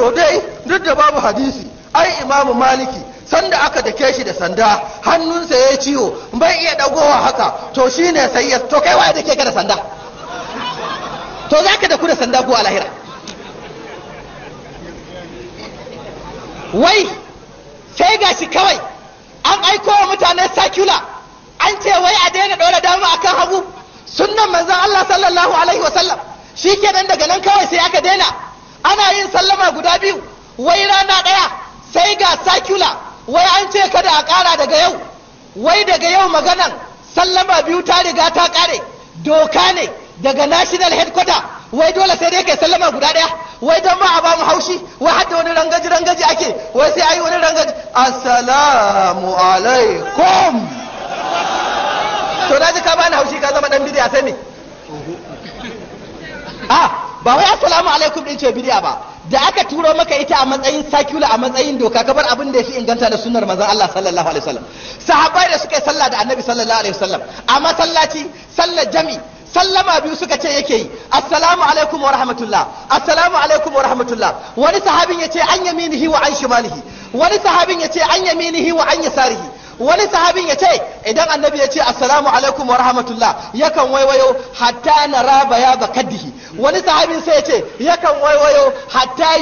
to dai duk da babu hadisi ai imamu maliki sanda aka dake shi da sanda hannunsa ya ciwo bai iya dagowa haka to shine ne ya to kai waye dake ka da sanda to zaka da ku da sanda ko alahira wai sai gashi kawai an aiko wa mutane sakula an ce wai a daina ɗora dama akan hagu sunnan manzon Allah sallallahu alaihi wasallam shikenan daga nan kawai sai aka daina ana yin sallama guda biyu wai rana ɗaya sai ga sakula wai an ce kada a ƙara daga yau wai daga yau maganan sallama biyu ta riga ta ƙare doka ne daga national headquarter wai dole sai dai kai sallama guda ɗaya wai don ma a ba mu haushi wai hadda wani rangaji rangaji ake wai sai ayi wani rangaji assalamu alaikum to na ji ka bani haushi ka zama dan bidiya sai ne ba wai assalamu alaikum din ce bid'a ba da aka turo maka ita a matsayin circular a matsayin doka kabar abin da ya fi inganta da sunnar manzon Allah sallallahu alaihi wasallam sahabbai da suka yi sallah da annabi sallallahu alaihi wasallam a masallaci sallar jami sallama biyu suka ce yake yi assalamu alaikum wa rahmatullah assalamu alaikum wa rahmatullah wani sahabin yace an yaminihi wa an shimalihi wani sahabin yace an yaminihi wa an yasarihi wani sahabin ya ce idan annabi ya ce assalamu alaikum wa rahmatullah yakan waiwayo hatta na ya ba kaddihi wani sahabin sai ya ce yakan waiwayo hatta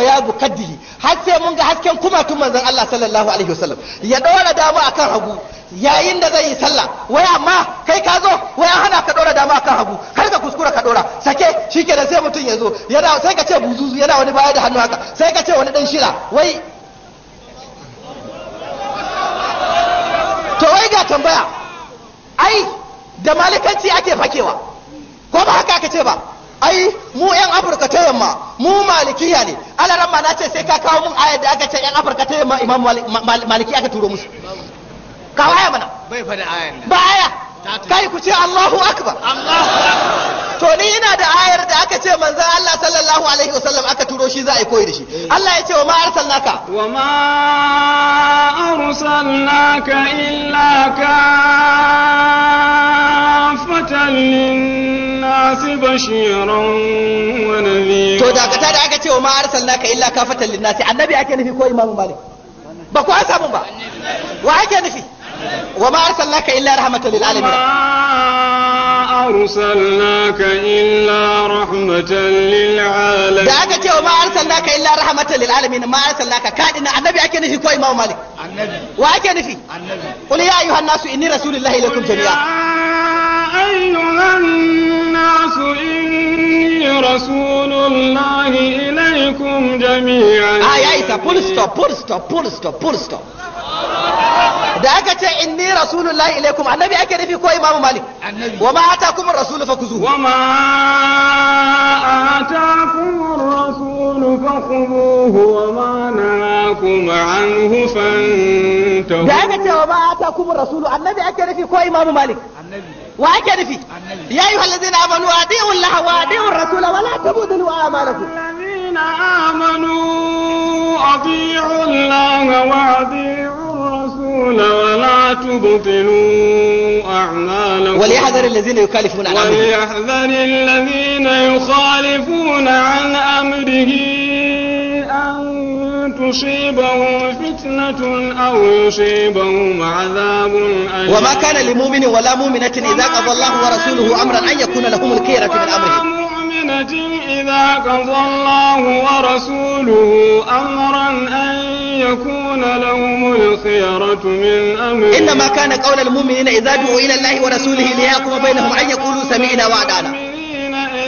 ya ba kaddihi har sai mun ga hasken kuma kumatun manzon Allah sallallahu alaihi wasallam ya dora dama akan hagu yayin da zai yi sallah wai amma kai ka zo wai an hana ka dora dama akan hagu kar ka kuskura ka dora sake da sai mutum ya zo yana sai ka ce buzuzu yana wani baya da hannu haka sai ka ce wani dan shira wai to wai ga tambaya ai da malikanci ake fakewa ko ba haka aka ce ba ai mu yan afirka ta yamma mu malikiya ne alaran ma na ce sai ka kawo mun ayar da aka ce yan afirka ta yamma imam maliki aka turo musu kawo aya mana bai fada ayar ba aya kai ku ce Allahu akbar to ni ina da ayar da aka ce manzo Allah sallallahu alaihi wasallam aka turo shi za a yi koyi da shi Allah ya ce wa ma arsalnaka wa ma arsalnaka illa kafatan linnas bashiran wa nadhira to da kata da aka ce wa ma arsalnaka illa ka fatallin linnas annabi ake nufi ko imamu malik ba ku an samu ba wa ake nufi وما أرسلناك إلا رحمة للعالمين أرسلناك إلا رحمة للعالمين دعاك تي وما أرسلناك إلا رحمة للعالمين ما أرسلناك كاد إن النبي أكين في كوي مو مالك وأكين في قل يا أيها الناس إني رسول الله إليكم جميعا يا أيها الناس إني رسول الله إليكم جميعا آي آي سا بول ستوب بول ستوب بول ستوب بول ستوب da aka ce inni rasulullahi ilaikum annabi ake nufi ko imamu malik annabi wa ma atakum ar-rasul fakhuzuhu wa ma atakum ar-rasul fakhuzuhu wa ma nahakum anhu fantahu da aka ce wa ma atakum ar-rasul annabi ake nufi ko imamu malik annabi wa ake nufi ya alladhina amanu atiu Allah wa atiu ar-rasul wa la wa a'malakum alladhina amanu atiu Allah wa atiu تبطلون ولا تبطلوا أعمالكم وليحذر الذين يخالفون عن أمره وليحذر الذين يخالفون عن أمره أن تصيبهم فتنة أو يصيبهم عذاب أليم وما كان لمؤمن ولا مؤمنة إذا قضى الله ورسوله أمرا أن يكون لهم الخيرة من أمرهم مؤمنة إذا قضى الله ورسوله أمرا أن يكون لهم الخيرة من أمرهم إنما كان قول المؤمنين إذا دعوا إلى الله ورسوله ليحكم بينهم أن يقولوا سمعنا وأطعنا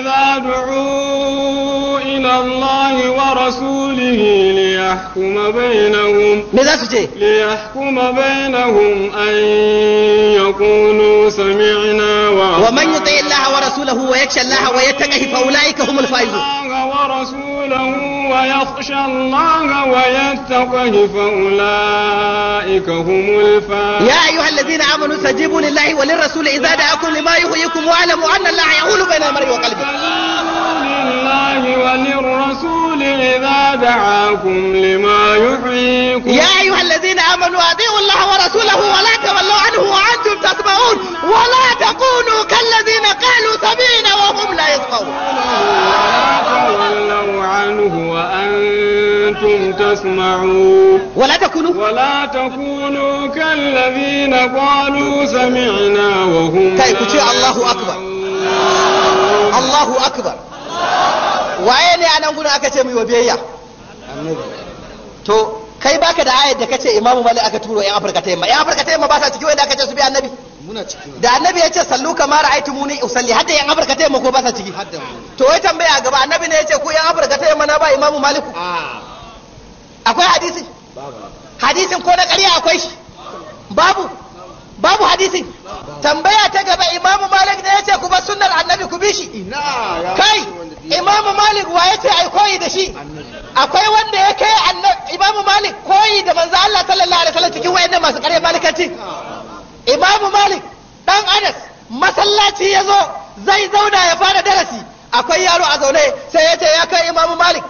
إذا دعوا إلى الله ورسوله ليحكم بينهم ليحكم بينهم أن يقولوا سمعنا وأطعنا ومن ورسوله ويخشى الله ويتقه فأولئك هم الفائزون ورسوله ويخشى الله فأولئك هم الفائزون يا أيها الذين آمنوا استجيبوا لله وللرسول إذا دعاكم لما يحييكم واعلموا أن الله يحول بين المرء وقلبه لله وللرسول إذا دعاكم لما يحييكم يا أيها الذين آمنوا أطيعوا الله ورسوله ولا وأنتم تسمعون ولا تكونوا كالذين قالوا سمعنا وهم لا يسمعون تولوا عنه وأنتم تسمعون ولا تكونوا ولا تكونوا كالذين قالوا سمعنا وهم طيب، لا يسمعون الله أكبر الله أكبر وأين ne a nan gudun aka kai baka da ayat da kace imamu malik aka turo yan afirka ta yamma yan afirka ta yamma ba sa ciki wanda aka ce su bi annabi muna cikin da annabi ya ce sallu kama ra'aytu muni usalli hadda yan afirka ta yamma ko ba sa ciki to wai tambaya gaba annabi ne ya ce ku yan afirka ta yamma na ba imamu malik akwai hadisi hadisin ko na ƙarya akwai shi babu babu hadisin tambaya ta gaba imamu malik ne ya ce ku ba sunnar annabi ku bi shi kai imamu malik wa ya ce ai koyi da shi akwai wanda ya kai annabi imamu malik koyi da manzo Allah sallallahu alaihi wasallam cikin wayannan masu ƙarya malikanci imamu malik dan anas masallaci ya zo zai zauna ya fara darasi akwai yaro a zaune sai ya ce ya kai imamu malik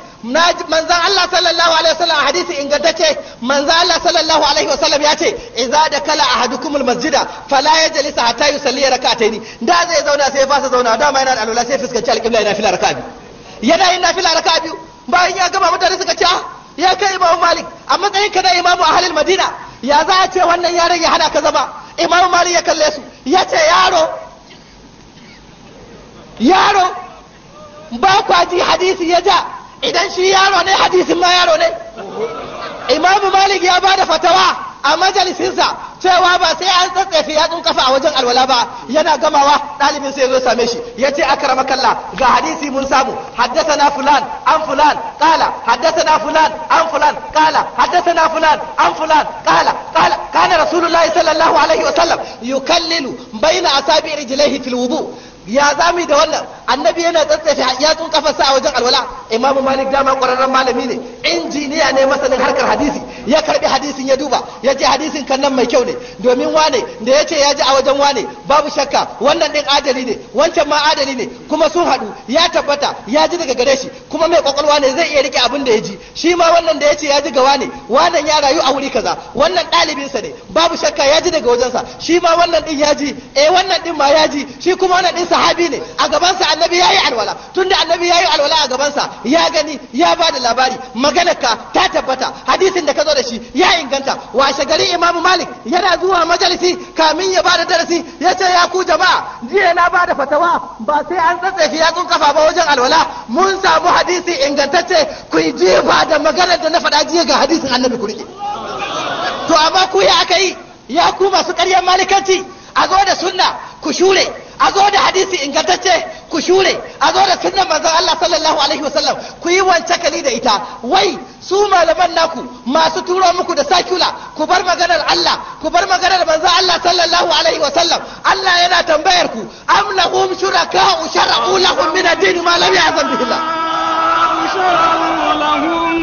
manzan Allah sallallahu alaihi wasallam a hadisi ingantacce manzan Allah sallallahu alaihi wasallam ya ce idza dakala ahadukumul masjida fala yajlis hatta yusalli rak'atayn da zai zauna sai ya fasa zauna dama yana da alwala sai fuskanci alƙibla yana fila raka'a biyu yana yin nafila raka'a biyu bayan ya gama mutane suka ce ah ya kai imamu malik a matsayin ka na imamu halin madina ya za a ce wannan yaron ya hana ka zama imamu malik ya kalle su ya ce yaro yaro ba kwa ji hadisi ya ja idan shi yaro ne hadisin ma yaro ne imamu malik ya ba da fatawa a majalisinsa cewa ba sai an tsatsefe yatsun kafa a wajen alwala ba yana gamawa ɗalibin sai zo same shi ya ce aka kalla ga hadisi mun samu haddasana fulan an fulan kala haddasana fulan an fulan kala haddasana fulan an fulan kala kala kana rasulullahi sallallahu alaihi wa yukallilu baina asabi rijlaihi fil wudu ya zami da wannan annabi yana tsatsafe kafa sa a wajen alwala imam malik dama ƙwararren malami ne injiniya ne masanin harkar hadisi ya karbi hadisin ya duba ya ce hadisin kan nan mai kyau ne domin wane da ya ce ya ji a wajen wane babu shakka wannan din adali ne wancan ma adali ne kuma sun haɗu ya tabbata ya ji daga gare shi kuma mai kwakwalwa ne zai iya rike abin da ya ji shi ma wannan da ya ce ya ji ga wane wannan ya rayu a wuri kaza wannan ɗalibinsa ne babu shakka ya ji daga wajensa shi ma wannan din ya ji eh wannan din ma ya ji shi kuma wannan din sahabi ne a gabansa annabi ya yi alwala tunda annabi ya yi alwala a gabansa ya gani ya bada da labari maganarka ta tabbata hadisin da ka zo da shi ya inganta washe gari imam malik yana zuwa majalisi kamin ya ba da darasi ya ce ya ku jama'a jiya na ba da fatawa ba sai an tsatsefi yatsun kafa ba wajen alwala mun samu hadisi ingantacce ku yi jefa da maganar da na faɗa jiya ga hadisin annabi ku riƙe to amma ku ya aka yi ya ku masu ƙaryar malikanci a zo da sunna ku shure a zo da hadisi ingantacce ku shure a zo da sunnan manzon Allah sallallahu alaihi wasallam ku yi wancakali da ita wai su malaman naku masu turo muku da sakula ku bar maganar Allah ku bar maganar manzon Allah sallallahu alaihi wasallam Allah yana tambayar ku am lahum shuraka shara'u lahum min ad-din ma lam ya'zam bihi Allah lahum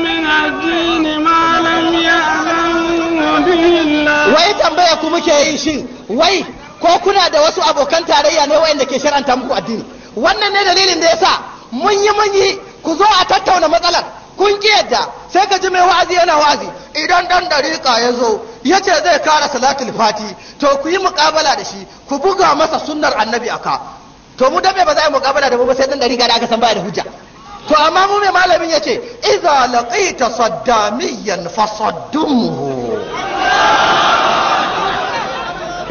min ad-din ma lam ya'zam bihi Allah wai tambaya ku muke yi shin wai ko kuna da wasu abokan tarayya ne wayanda ke shar'anta muku addini wannan ne dalilin da yasa mun yi mun yi ku zo a tattauna matsalar kun ki yadda sai ka ji mai wa'azi yana wa'azi idan dan dariƙa ya zo ya ce zai kara salatul fati to ku yi muƙabala da shi ku buga masa sunnar annabi aka to mu dabe ba za a yi muƙabala da mu ba sai dan dariƙa da aka san baya da hujja to amma mu mai malamin yace idza laqita saddamiyan fasaddumhu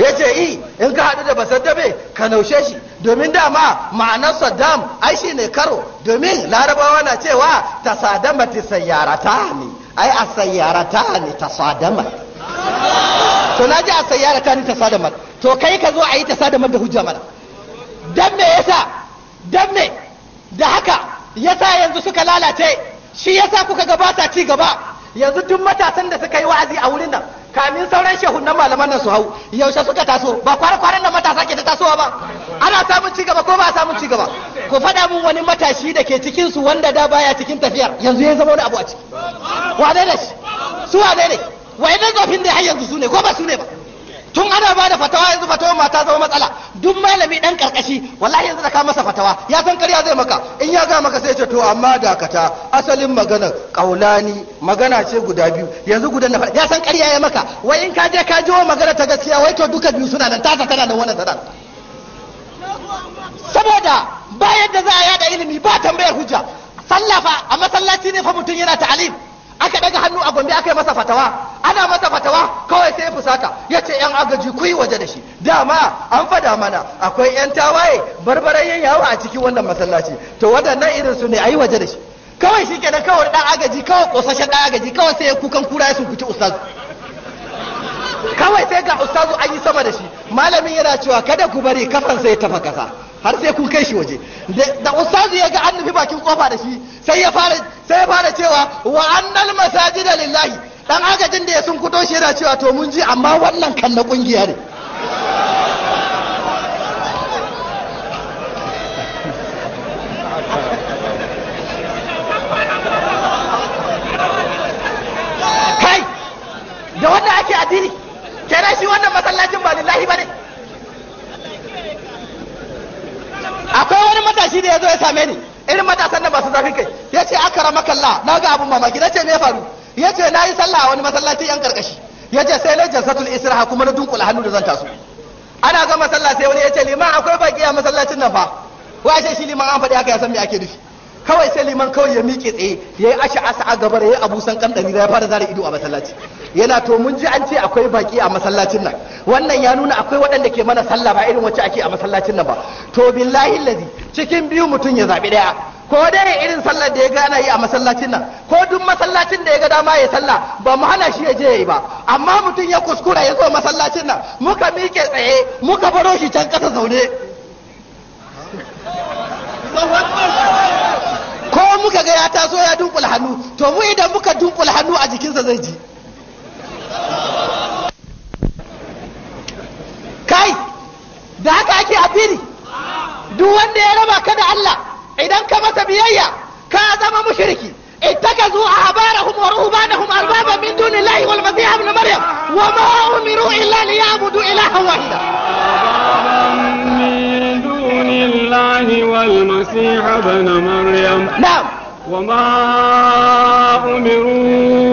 ya ce yi in ka haɗu da basaddabe ka naushe shi domin dama ma'anar saddam ai shi ne karo domin larabawa na cewa ta sadama ta ta ne ai a ta ne ta sadama to na ji a ta ne ta sadama to kai ka zo a yi ta sadama da hujja mana dan me yasa dan me da haka yasa yanzu suka lalace shi yasa kuka gabata ci gaba yanzu duk matasan da suka yi wa'azi a wurin nan kamin sauran shehun nan malaman nan su hau yaushe suka taso ba kwara-kwaran nan matasa ke ta tasowa ba ana samun ci gaba ko ba samun ci gaba ku faɗa min wani matashi da ke cikin su wanda da baya cikin tafiyar yanzu ya zama wani abu a ciki wane ne su wane ne wa'annan da har yanzu su ne ko ba su ne ba tun ana ba da fatawa yanzu fatawa mata zama matsala duk malami dan karkashi wallahi yanzu da ka masa fatawa ya san karya zai maka in ya ga maka sai ce to amma dakata asalin magana kaulani magana ce guda biyu yanzu gudan na ya san karya ya maka wai in ka je ka ji magana ta gaskiya wai to duka biyu suna nan ta ta tana da wannan tana saboda bayan da za a yada ilimi ba tambayar hujja sallafa a masallaci ne fa mutum yana ta'alim aka daga hannu a gombe aka yi masa fatawa ana masa fatawa kawai sai fusata ya ce yan agaji ku yi waje da shi dama an fada mana akwai yan tawaye barbaran yin yawo a cikin wannan masallaci to waɗannan irin su ne a yi waje da shi kawai shi kenan kawai dan agaji kawai kosashen dan agaji kawai sai ya kukan kura ya sunkuci ustazu kawai sai ga ustazu an yi sama da shi malamin yana cewa kada ku bari kafansa ya tafa kasa har sai kun kai shi waje da ustazu ya ga an nufi bakin kofa da shi sai ya fara sai ya fara cewa wa annal masajid lillahi dan agajin da ya sun kudo shi yana cewa to mun ji amma wannan kan na kungiya ne kai da wanda ake addini kenan shi wannan masallacin ba lillahi bane akwai wani matashi da ya zo ya same ni irin matasan da masu zafi kai ya ce aka rama kalla na ga abun mamaki na ce me faru ya ce na yi sallah a wani masallaci yan karkashi ya ce sai na jansatul isra'a kuma na dunkula hannu da zan taso ana ga sallah sai wani ya ce liman akwai baki a masallacin nan fa wa ce shi liman an faɗi haka ya san me ake nufi kawai sai liman kawai ya miƙe tsaye ya yi asha asa a gabar ya yi abusan kan ɗari ya fara zara ido a masallaci yana to mun ji an ce akwai baki a masallacin nan wannan ya nuna akwai waɗanda ke mana sallah ba irin wacce ake a masallacin nan ba to billahi lazi cikin biyu mutum ya zaɓi ɗaya ko dai irin sallar da ya gana yi a masallacin nan ko duk masallacin da ya ga dama ya sallah ba mu hana shi ya je yi ba amma mutum ya kuskura ya zo masallacin nan muka miƙe tsaye muka baro shi can ƙasa zaune ko muka ga ya taso ya dunkula hannu to mu idan muka dunkula hannu a jikinsa zai ji kai da haka ake addini duk wanda ya raba ka da Allah idan ka masa biyayya ka zama mushriki اتخذوا احبارهم ورهبانهم اربابا من دون الله والمسيح ابن مريم وما امروا الا ليعبدوا الها واحدا من دون الله والمسيح ابن مريم نعم وما امروا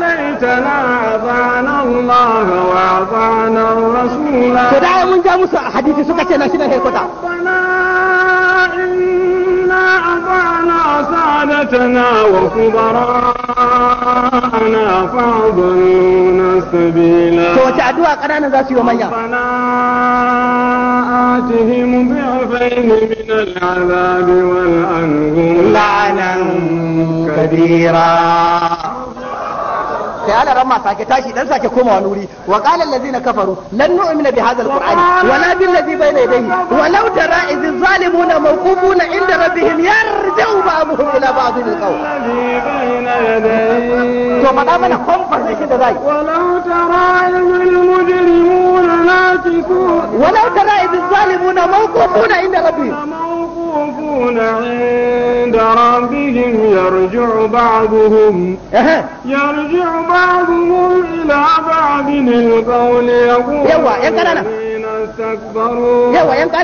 laitana azana Allah wa azana Rasula to da mun ja musu hadisi suka ce na shi da haikota inna azana sadatana wa kubarana fa'dhuna sabila to wace ƙananan za su yi wa manya آتهم ضعفين من العذاب والأنهم لعنا كبيرا فيالا رمى ساكي تاشي دان ونوري وقال الذين كفروا لن نؤمن بهذا القرآن ولا بالذي بين يديه ولو ترى إذ الظالمون موقوفون عند ربهم يرجو بعضهم إلى بعض القول ولو ترى إذ المجرمون ناتكون ولو ترى إذ الظالمون موقوفون عند ربهم يقفون عند ربهم يرجع بعضهم يرجع بعضهم إلى بعض القول يقول استكبروا يقول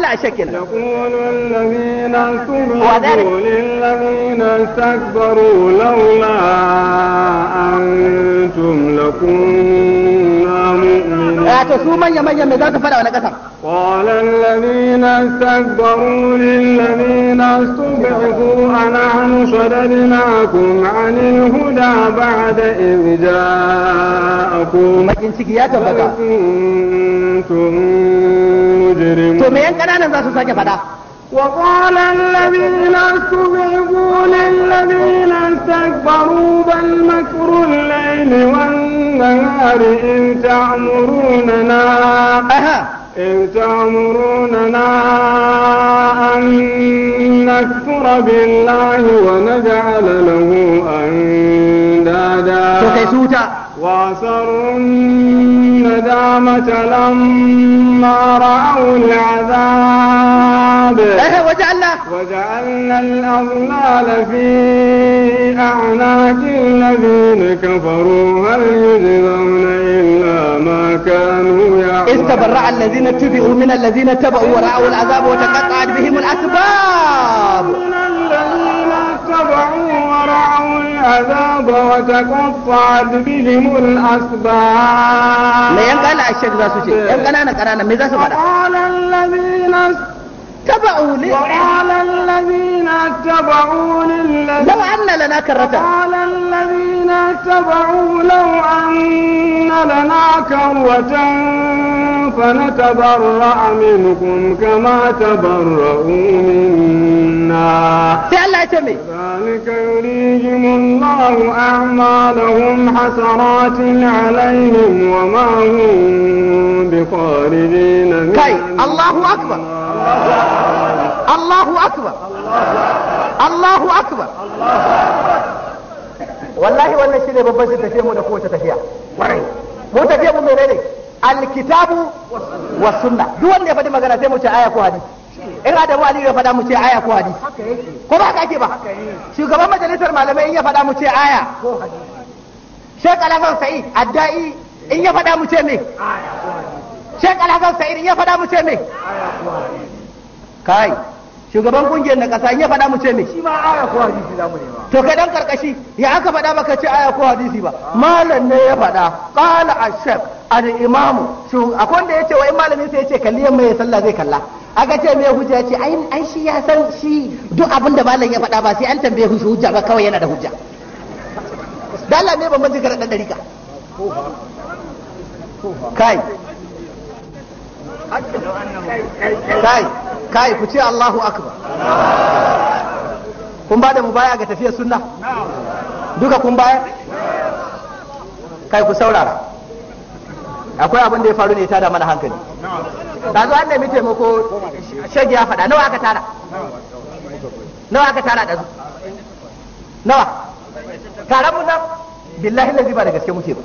الذين استكبروا للذين استكبروا لولا أنتم لكنتم wato eh, su manya manyan me za ka fada wani kasa qalan ladina sabbaru lil ladina subihu ana nahnu shadadnakum anil huda ba'da id ja'akum makin ciki ya tabbata to me yan kananan za su sake fada وقال الذين استضعفوا للذين استكبروا بل مكر الليل والنهار النهار إن تأمروننا إن تأمروننا أن نكفر بالله ونجعل له أندادا وأسروا الندامة لما رأوا العذاب وجعلنا وجعلنا الأغلال في أعناق الذين كفروا هل يجزون إلا ما كانوا يعملون إذ تبرع الذين اتبعوا من الذين تبعوا ورأوا العذاب وتقطعت بهم الأسباب من الذين اتبعوا ورأوا العذاب وتقطعت بهم الأسباب ما ينقل الشيخ ذا سوشي ينقل أنا قرانا ذا سوشي وقال الذين اتبعوا لي وقال الذين اتبعوا للذين لو أن لنا كرة قال الذين اتبعوا لو أن لنا كرة فنتبرأ منكم كما تبرؤوا منا ذلك يريهم الله أعمالهم حسرات عليهم وما هم بخارجين من الله أكبر الله أكبر الله أكبر والله والله شيء babban shi tafiye mu da kowace tafiya mu alkitabu wa sunna duk wanda ya faɗi magana sai mu ce aya ko hadisi in mu Ali ya faɗa mu ce aya ko hadisi ko ba haka ake ba shugaban majalisar malamai in ya faɗa mu ce aya ko hadisi shek Alhassan Sa'id Addai in ya faɗa mu ce me shek Alhassan Sa'id in ya faɗa mu ce me kai shugaban kungiyar na kasa in ya faɗa mu ce me shi ma aya ko hadisi mu ne to kai dan karkashi ya aka faɗa maka ce aya ko hadisi ba malam ne ya faɗa qala ash-shaykh al-imamu shu akwai wanda yace wai malamin sai yace kalli yamma ya sallah zai kalla aka ce me hujja ce, ai ai shi ya san shi duk abin da malam ya faɗa ba sai an tambaye shi hujja ba kawai yana da hujja dala ne ban ban jikar da dariƙa kai kai kai ku ce Allahu akbar kun ba da mu baya ga tafiyar sunna duka kun baya kai ku saurara akwai abin da ya faru ne ta da mana hankali ba an nemi taimako shege ya faɗa nawa aka tara nawa aka tara da nawa taron mun nan billahi lazi ba da gaske muke ba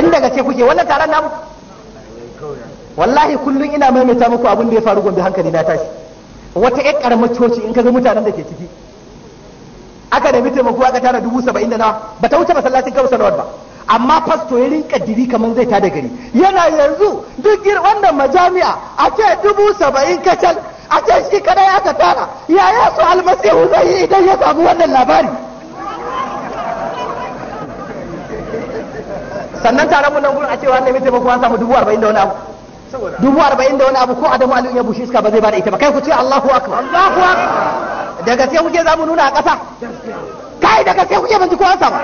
in da gaske kuke wannan taron namu wallahi kullum ina maimaita muku abin da ya faru gombe hankali na tashi wata ƴar karamar coci in ka ga mutanen da ke ciki aka nemi taimako aka tara dubu saba'in da nawa ba ta wuce masallacin kawusa ba amma fasto ya rinka diri kamar zai tada gari yana yanzu duk wannan majami'a a ce dubu saba'in kacal a ce shi ya aka tara ya su almasihu zai yi idan ya samu wannan labari sannan taron mu nan gurin a cewa wannan mai taimako an samu dubu arba'in da wani abu dubu arba'in da wani abu ko adamu alu ya bushe iska ba zai bada ita ba kai ku ce allahu akbar allahu akbar da kuke za mu nuna a ƙasa kai daga sai kuke ban ji ko an samu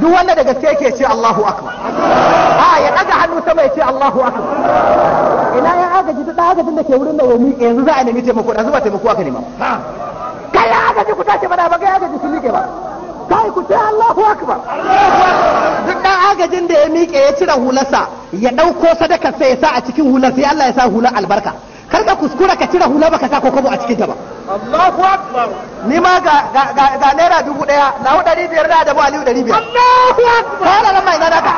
duk wanda da gaske yake ce Allahu akbar a ya daga hannu sama ya ce Allahu akbar ina ya agaji duk agajin da ke wurin da ya mi yanzu za a nemi taimako da zuba taimako aka nema kai agaji ku tace bana ba kai agaji sun miƙe ba kai ku ce Allahu akbar duk dan agajin da ya miƙe ya cire hularsa ya dauko sadakar sai ya sa a cikin hular sai Allah ya sa hular albarka kar ka kuskura ka cire hula baka sa kokobo a cikin ta ba Allahu akbar ni ma ga ga ga naira dubu daya na dari biyar da adabu aliyu dari biyar Allahu akbar ala lamma mai nanaka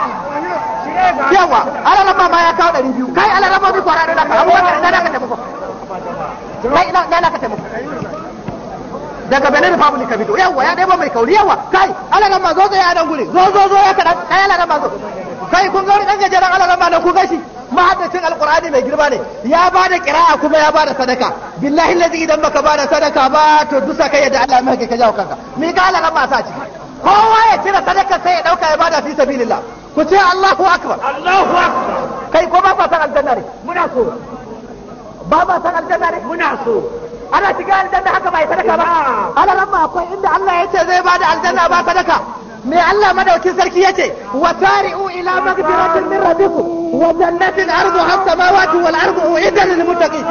yawa ala lamma ma ya kawo dari biyu kai ala lamma bi kwara da ka naka abubakar ina ka taimako kai na ina ka taimako daga Benin Republic Kabido yawa ya ɗaya mai kauri yawa kai ala lamma zo zo ya dan gure zo zo zo ya kaɗan kai ala lamma zo kai kun ga wani ɗan gajeren ala lamma na ku gashi mahaddacin alqur'ani mai girma ne ya ba da qira'a kuma ya ba da sadaka billahi lazi idan baka ba da sadaka ba to dusa kai yadda Allah mai ka jawo kanka me ka Allah ba sa ciki kowa ya cire sadaka sai ya dauka ya bada fi sabilillah ku ce Allahu akbar Allahu akbar kai ko ba san aljanna ne muna so ba ba san aljanna ne muna so ana shiga aljanna haka bai sadaka ba alaramma akwai inda Allah ya ce zai bada aljanna ba sadaka من الله من أوكي سركيته وتارئوا إلى مغفرة من ربكم وجنة أرضها السماوات والأرض أعيدا للمتقين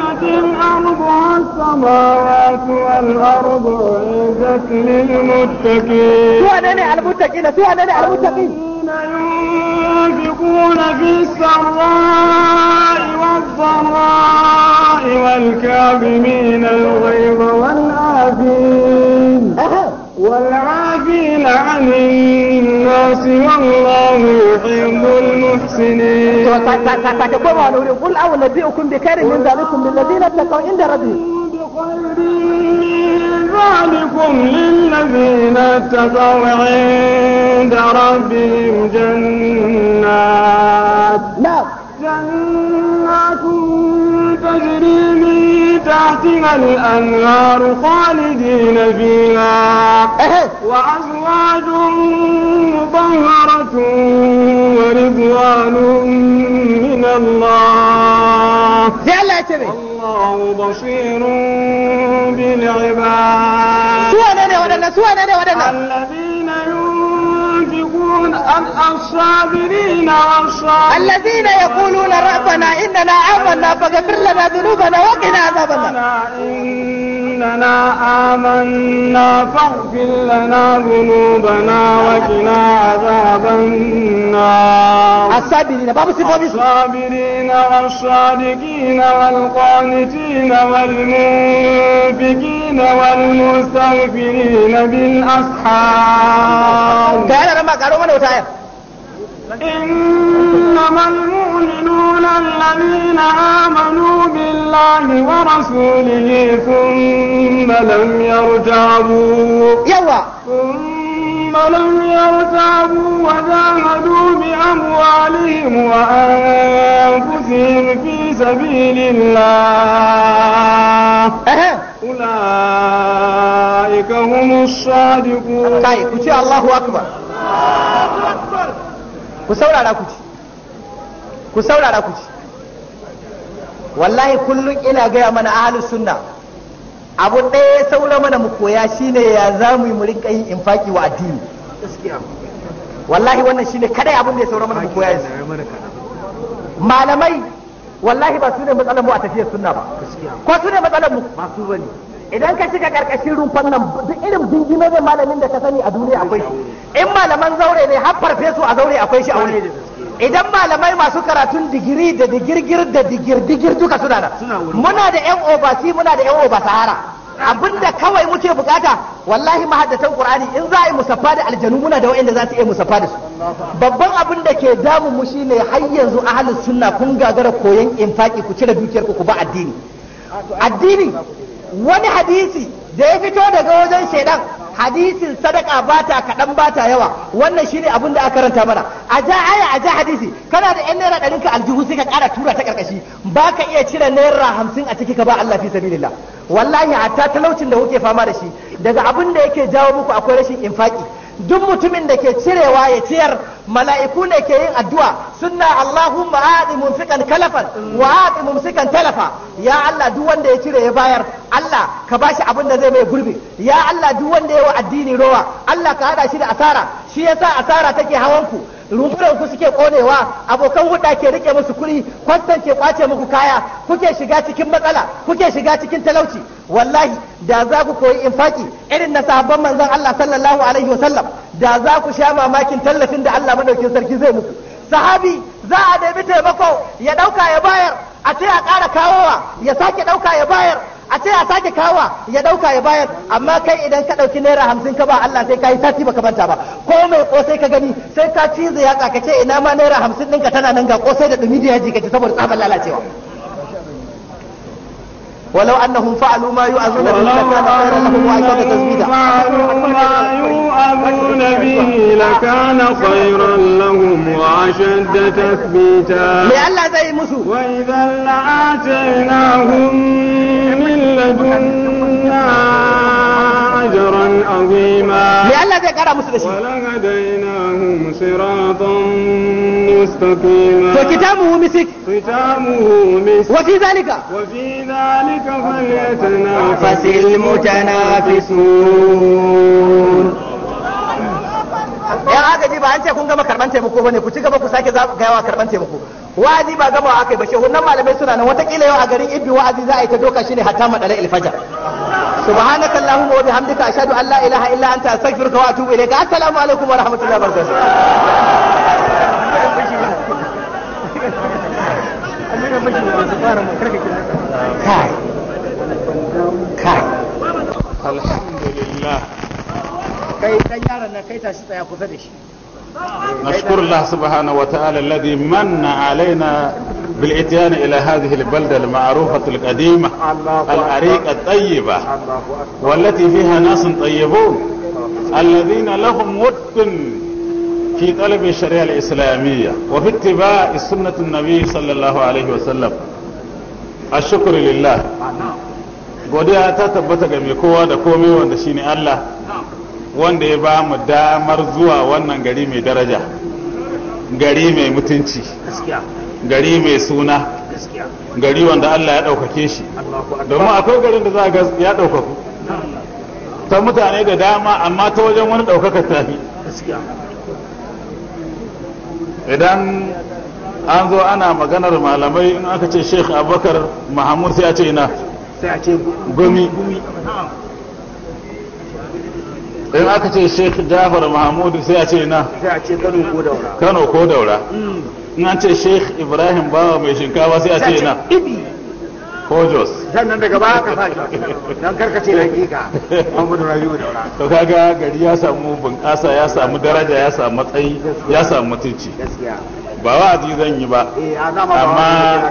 وجنة الارض السماوات والأرض أعيدا للمتقين سوى نني على المتقين سوى نني على المتقين ينفقون في السراء والضراء والكاظمين الغيظ والعافين والعافين عن الناس والله يحب المحسنين قل أو نبئكم بخير من ذلكم للذين اتقوا عند ربهم ذلكم للذين اتقوا عند ربهم جنات نعم جنات تجري من تحتها الأنهار خالدين فيها وأزواج مطهرة ورضوان من الله والله بصير بالعباد الذين الصادقون الصابرين والصابرين الذين يقولون ربنا إننا آمنا فاغفر لنا ذنوبنا وقنا عذاب النار إننا آمنا فاغفر لنا ذنوبنا وقنا عذاب النار الصابرين باب الصابرين والصادقين والقانتين والمنفقين والمستغفرين بالأسحار تعالى لما قالوا من وتعالى إنما المؤمنون الذين آمنوا الله ورسوله ثم لم يرتابوا يلا ثم لم يرتابوا وجاهدوا بأموالهم وأنفسهم في سبيل الله أولئك هم الصادقون طيب كتي الله أكبر الله أكبر كسولا saurara ku ci ku saurara wallahi kullum ina gaya mana ahalus sunna abu ɗaya ya saura mana mu koya shine ya za mu yi mu yin infaki wa addini wallahi wannan shine kadai abin da ya saura mana mu koya yanzu malamai wallahi ba su ne matsalar mu a tafiyar sunna ba ko su ne matsalar mu ba su bane idan ka shiga karkashin rumfan nan duk irin bingime ne malamin da ka sani a duniya akwai shi in malaman zaure ne har farfesu a zaure akwai shi a wani idan malamai masu karatun digiri da digirgir da digirdigir duka suna da muna da yan obasi muna da yan oba sahara abinda kawai muke bukata wallahi mahaddatan qur'ani in za a yi musaffa da aljanu muna da wa'anda za su iya musaffa da su babban abin da ke damu mu shine har yanzu ahlus sunna kun gagara koyon infaki ku cire dukiyar ku ba addini addini wani hadisi da ya fito daga wajen shaidan hadisin sadaka bata kaɗan bata yawa wannan shine abin da aka karanta mana a ja aya a ja hadisi kana da yan naira ka aljihu sai ka ƙara tura ta ƙarƙashi ba ka iya cire naira hamsin a ciki ka ba Allah fi sabilillah wallahi ta talaucin da kuke fama da shi daga abin da yake jawo muku akwai rashin infaki duk mutumin da ke cirewa ya ciyar mala'iku ne ke yin addu'a sunna Allahumma aati mumsikan kalafan wa aati mumsikan talafa ya Allah duk wanda ya cire ya bayar Allah ka shi abin da zai mai gurbi ya Allah duk wanda ya wa addini rowa Allah ka hada shi da asara shi yasa asara take hawan ku rumfunan ku suke konewa abokan huɗa ke rike musu kuri kwastan ke kwace muku kaya kuke shiga cikin matsala kuke shiga cikin talauci wallahi da za ku koyi infaki irin na sahabban manzon Allah sallallahu alaihi wasallam da za ku sha mamakin tallafin da Allah madaukin sarki zai muku sahabi za a nemi taimako ya dauka ya bayar a ce a ƙara kawowa ya sake dauka ya bayar a ce a sake kawowa ya dauka ya bayar amma kai idan ka dauki naira hamsin ka ba Allah sai ka yi sati baka manta ba ko mai kosai ka gani sai ka cizo ya ka ce ina ma naira hamsin ɗinka tana nan ga kosai da dumi da yaji ka ci saboda tsabar lalacewa ولو أنهم فعلوا ما يؤذون به لكان خيرا لهم وأشد تثبيتا فعلوا ما يؤذون به لكان خيرا لهم وأشد تثبيتا لئلا زي مسو وإذا لآتيناهم من لدنا أجرا عظيما لئلا ولهديناهم صراطا مستقيما فكتابه مسك ختامه مسك وفي ذلك وفي ذلك فليتنافس المتنافسون yan agaji ba an ce kun gama karban taimako bane ku ci gaba ku sake gayawa karban taimako wa'azi ba gama akai ba shehu nan malamai suna nan watakila yau a garin ibbi wa'azi za a yi ta doka shine hatta madala ilfaja subhanaka allahumma wa bihamdika ashhadu an la ilaha illa anta astaghfiruka wa atubu ilayka assalamu alaikum wa rahmatullahi wa barakatuh kai kai alhamdulillah kai dan yaran Allah subhanahu wa ta'ala alladhi manna alaina bil itiyana ila balda al ma'rufa al qadima al ariq al tayyiba wal lati fiha nas tayyibun lahum wuttun fi talab al islamiyya wa fi ittiba' al sunnah al nabiy sallallahu alayhi wa sallam ashkur lillah ah, godiya ta tabbata ga me kowa da komai wanda shine Allah wanda ya ba mu damar zuwa wannan gari mai daraja gari mai mutunci gari mai suna gari wanda Allah ya ɗaukake shi domin akwai garin da za ga ya ɗaukaku ta mutane da dama amma ta wajen wani ɗaukaka tafi idan an zo ana maganar malamai in aka ce sheikh abubakar mahamud sai a ce ina sai a ce gumi in aka ce sheikh jafar mahmudu sai a ce na kano ko daura hmm. in an ce sheikh ibrahim bawa mai shinkawa sai a ce na kojos sannan daga ba ka sa shi don karkace hakika mahmudu rabiu daura to kaga gari ya samu bunƙasa ya samu daraja ya samu matsayi ya samu mutunci ba wa'azi zan yi ba eh, amma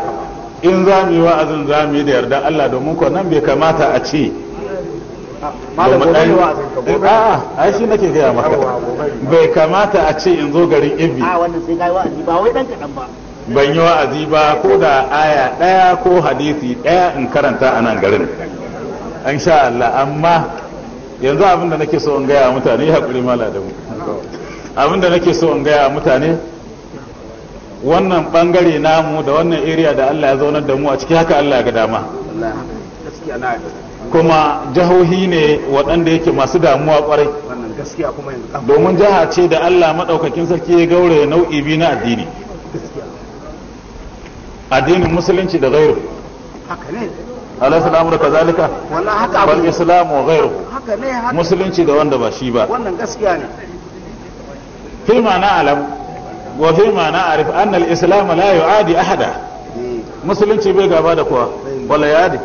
in za mu yi wa'azin za mu yi da yarda Allah domin ko nan bai kamata a ce malam wa'azin ka gobe ah, ai shi nake gaya maka bai kamata a ce in zo garin ibi a ah, wannan sai wa'azi ba wai dan kadan ba ban yi wa'azi ba ko da aya daya ko hadisi daya in karanta a nan garin an sha Allah amma yanzu abin da nake so in gaya mutane ya hakuri mala abin da nake so in gaya mutane wannan bangare namu da wannan area da Allah ya zaunar da mu a ciki haka Allah ya ga dama kuma jihohi ne waɗanda yake masu damuwa ƙwarai domin jiha ce da Allah maɗaukakin sarki ya gaure nau'i biyu na addini addinin musulunci da gairu alaihi salamu da kazalika wal islamu wa gairu musulunci da wanda ba shi ba wannan gaskiya ne firma na alam wa firma na arif annal islamu islam la yu'adi ahada eh. musulunci bai gaba da kuwa, wala yadi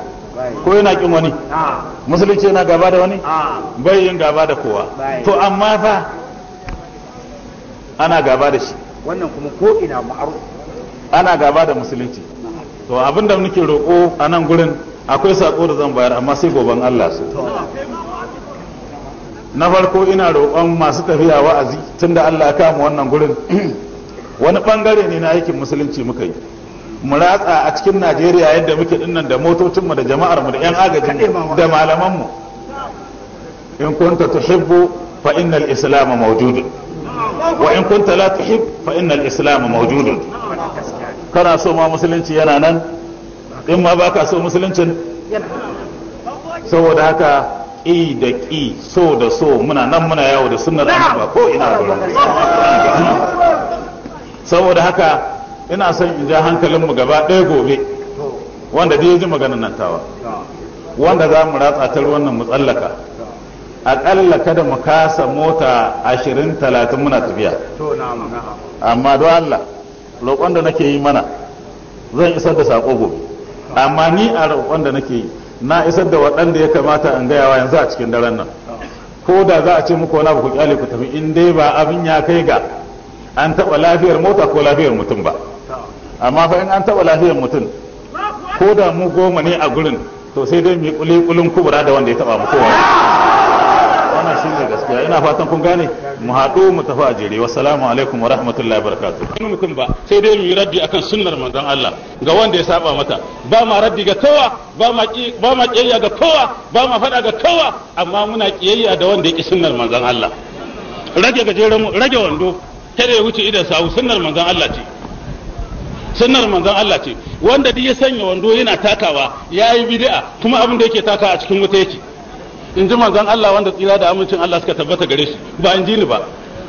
ko yana kin wani ah. musulunci yana gaba da wani ah. bai yin gaba da kowa to amma fa ana gaba da shi wannan kuma ko ina ma'aru ana gaba da musulunci to abinda muke roƙo a nan gurin akwai sako da zan bayar amma sai goban Allah su na farko ina roƙon masu tafiya wa'azi tunda Allah ya kama wannan gurin wani bangare ne na aikin musulunci muka yi mu ratsa a cikin najeriya yadda muke dinnan da motocinmu da jama'armu da 'yan agajinmu da malamanmu in kunta tuhibbu fa innal islam mawjud wa in kunta la tuhib fa innal islam mawjud kana so ma musulunci yana nan in ma baka so musuluncin saboda haka ƙi da ƙi so da so muna nan muna yawo da sunnar annabi ko ina saboda haka ina son in ja hankalinmu gaba ɗaya gobe wanda dai ji maganin nan tawa wanda za mu ratsa ta ruwan nan mu tsallaka aƙalla kada mu kasa mota ashirin talatin muna tafiya amma don Allah roƙon da nake yi mana zan isar da saƙo gobe amma ni a roƙon da nake yi na isar da waɗanda ya kamata in gayawa yanzu a cikin daren nan ko da za a ce muku wani ku kyale ku tafi in dai ba abin ya kai ga an taɓa lafiyar mota ko lafiyar mutum ba amma fa in an taɓa lafiyar mutum ko da mu goma ne a gurin to sai dai mu kuli kulun kubura da wanda ya taɓa mu kowa wannan shi ne gaskiya ina fatan kun gane mu haɗu mu tafi a jere salamu alaikum wa rahmatullahi barakatu mutum ba sai dai mu yi raddi akan sunnar manzon Allah ga wanda ya saba mata ba ma raddi ga kowa ba ma ba ma kiyayya ga kowa ba ma faɗa ga kowa amma muna kiyayya da wanda ya ki sunnar manzon Allah rage gajeren rage wando kada ya wuce idan sawu sunnar manzon Allah ce sunnar manzon Allah ce wanda duk ya sanya wando yana takawa yayi bid'a kuma abin da yake taka a cikin wuta yake in ji manzon Allah wanda tsira da amincin Allah suka tabbata gare shi ba in ji ni ba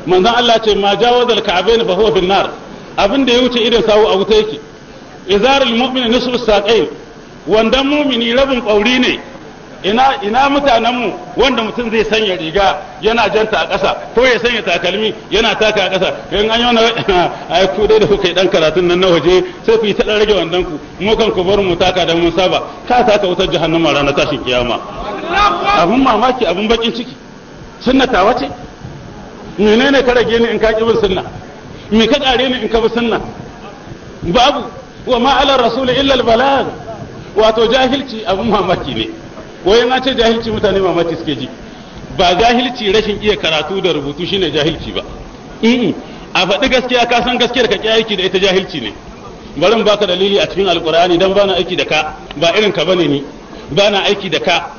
manzon Allah ce ma jawazal al fa huwa nar abin da ya wuce idan sawu a wuta yake izarul mu'min nisfu saqayn wandan mu'mini rabin kauri ne ina ina mutanenmu wanda mutum zai sanya riga yana janta a ƙasa ko ya sanya takalmi yana taka a ƙasa in an yi wani ai ku dai da kuka yi dan karatun nan na waje sai ku yi ta dan rage wannan ku mu kan ku bar mu taka da mun saba ka taka wutar jahannama ranar tashin kiyama abun mamaki abun bakin ciki sunna ta wace menene ka rage ni in ka kibin sunna me ka kare ni in ka bi sunna babu wa ma'alar rasulu rasul illa al balagh wato jahilci abun mamaki ne wai na ce jahilci mutane mamaki suke ji ba jahilci rashin iya karatu da rubutu shine jahilci ba in a faɗi gaskiya ka san gaskiyar ka ki aiki da ita jahilci ne barin baka dalili a cikin alƙur'ani dan bana aiki da ka ba irin ka bane ni bana aiki da ka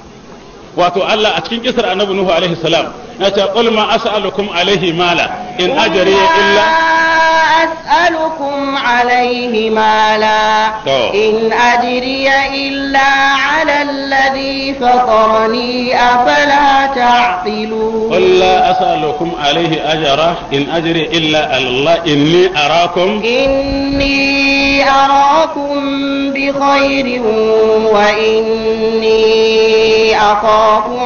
wato Allah a cikin kisar annabi nuhu alaihi salam قل ما أسألكم عليه مالا إن أجري إلا أسألكم عليه مالا إن أجري إلا على الذي فطرني أفلا تعقلون قل لا أسألكم عليه أجرا إن أجري إلا على الله إني أراكم إني أراكم بخير وإني أخاف